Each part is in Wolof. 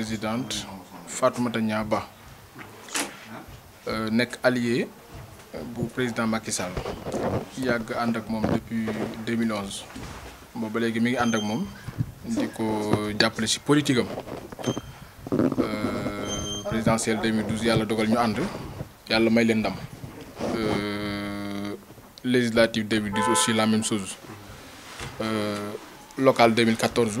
présidente Fatoumata Niaba, Ba euh, allié du euh, président Macky Sall Il y a depuis 2011 Je ba léegi mi ngi ànd ak moom ko ci politique le euh, présidentielle 2012 yàlla dogal ñu ànd yàlla may ndam législative 2012 aussi la même chose locale 2014.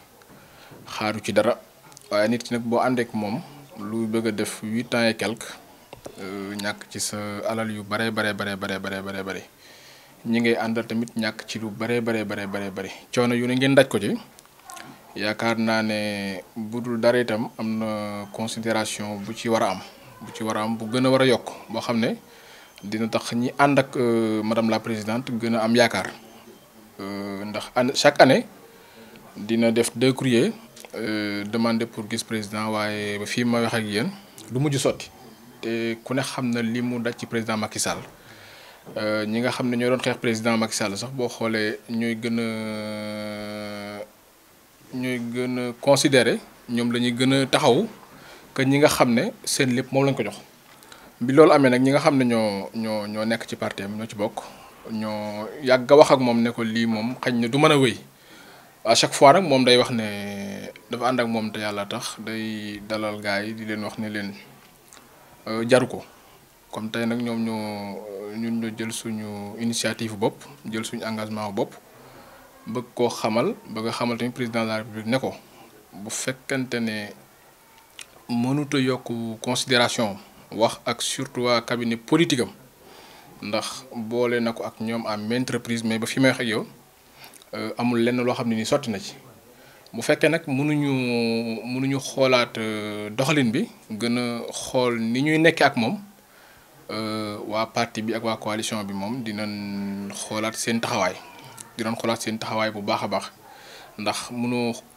xaaru ci dara def ans quelque ci sa alal yu bare bare bare bare bare bare bare ñi tamit ci lu bare bare bare bare bare yu ne ngeen daj ko ci ne bu dul considération bu ci am bu ci am bu madame la présidente euh, chaque année dina deux courriers euh, demandé pour gis président waye fi ma wax ak yeen du mujj soti te ku ne xam na li mu daj ci président Macky Sall euh ñi nga xamne ñoo doon xeex président Macky Sall sax bo xolé ñuy gëna ñuy gëna considérer ñom lañuy gëna taxaw que ñi nga xamne seen lepp mom lañ ko jox bi loolu amé nak ñi nga xamne ne ñoo ñoo ñoo nekk ci parti am ñoo ci bok ñoo yàgg wax ak mom ne ko li mom xañ na du mëna wëy à chaque fois nak mom day wax ne dafa ànd ak moom te yàlla tax day dalal gars yi di leen wax ne leen euh, jaru ko comme tey nag ñoom ñoo ñun ñoo jël suñu initiative bopp jël suñu engagement bopp bëgg koo xamal bëgg a xamal tamit président de la république ne ko bu fekkente ne mënuta yokk considération wax ak surtout waa cabinet politique am ndax boole na ko ak ñoom am entreprise mais ba fi may wax ak yow euh, amul lenn loo xam ne nii sotti na ci bu fekkee nag mënuñu mënuñu xoolaat euh, doxalin bi gën ni ñuy nekkee ak moom euh, parti bi ak waa coalition bi moom dinañ xoolaat seen seen bu baax ndax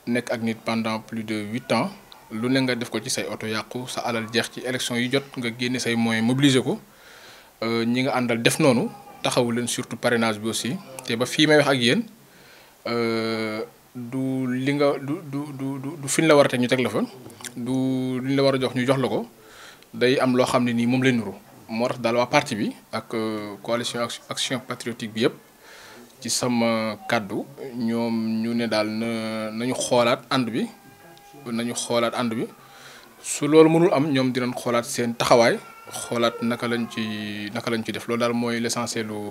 nekk pendant plus de huit ans lu ne nga def ko ci say oto yàqu sa alal jeex ci élection yi jot nga génne say moyens mobiliser ko euh, ñi nga surtout parrainage bi aussi ba may wax ak du li nga du du du du fi ñu la war a teg ñu teg du li ñu la war a jox ñu jox la ko day am loo xam ne nii moom lay nuru moo tax daal waa parti bi ak euh, coalition action patriotique bi yëpp ci sama kàddu ñoom ñu ne daal na nañu xoolaat ànd bi nañu xoolaat ànd bi su loolu mënul am ñoom dinañ xoolaat seen taxawaay xoolaat naka lañ ci naka lañ ci def loolu daal mooy l'essentiel lu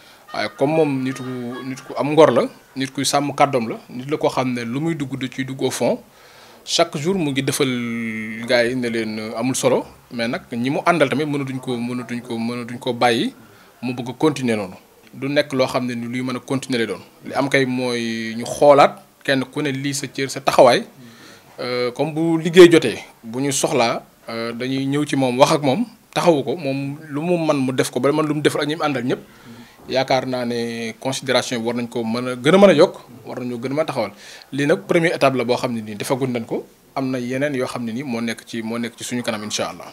waaye comme moom nit ku nit ku am ngor la nit kuy sàmm kàddoom la nit la ko xam ne lu muy dugg da ciy dugg au fond chaque jour mu ngi defal gars yi ne leen amul solo mais nag ñi mu àndal tamit mënatuñ ko mënatuñ ko mënatuñ ko bàyyi mu bëgg a noonu. du nekk loo xam ne ni luy mën a continuer lay doon li am kay mooy ñu xoolaat kenn ku ne lii sa cër sa taxawaay euh, comme bu liggéey jotee bu ñu soxlaa euh, dañuy ñëw ci moom wax ak moom taxawu ko moom lu mu man mu def ko ba man lu mu def ak ñi mu ñëpp. yaakaar naa ne considération bi war nañ ko mën a gën a mën a yokk war nañoo gën a mën a taxawal li nag premier état la boo xam ne nii defagul nañ ko am na yeneen yoo xam ne nii moo nekk ci moo nekk ci suñu kanam incha allah.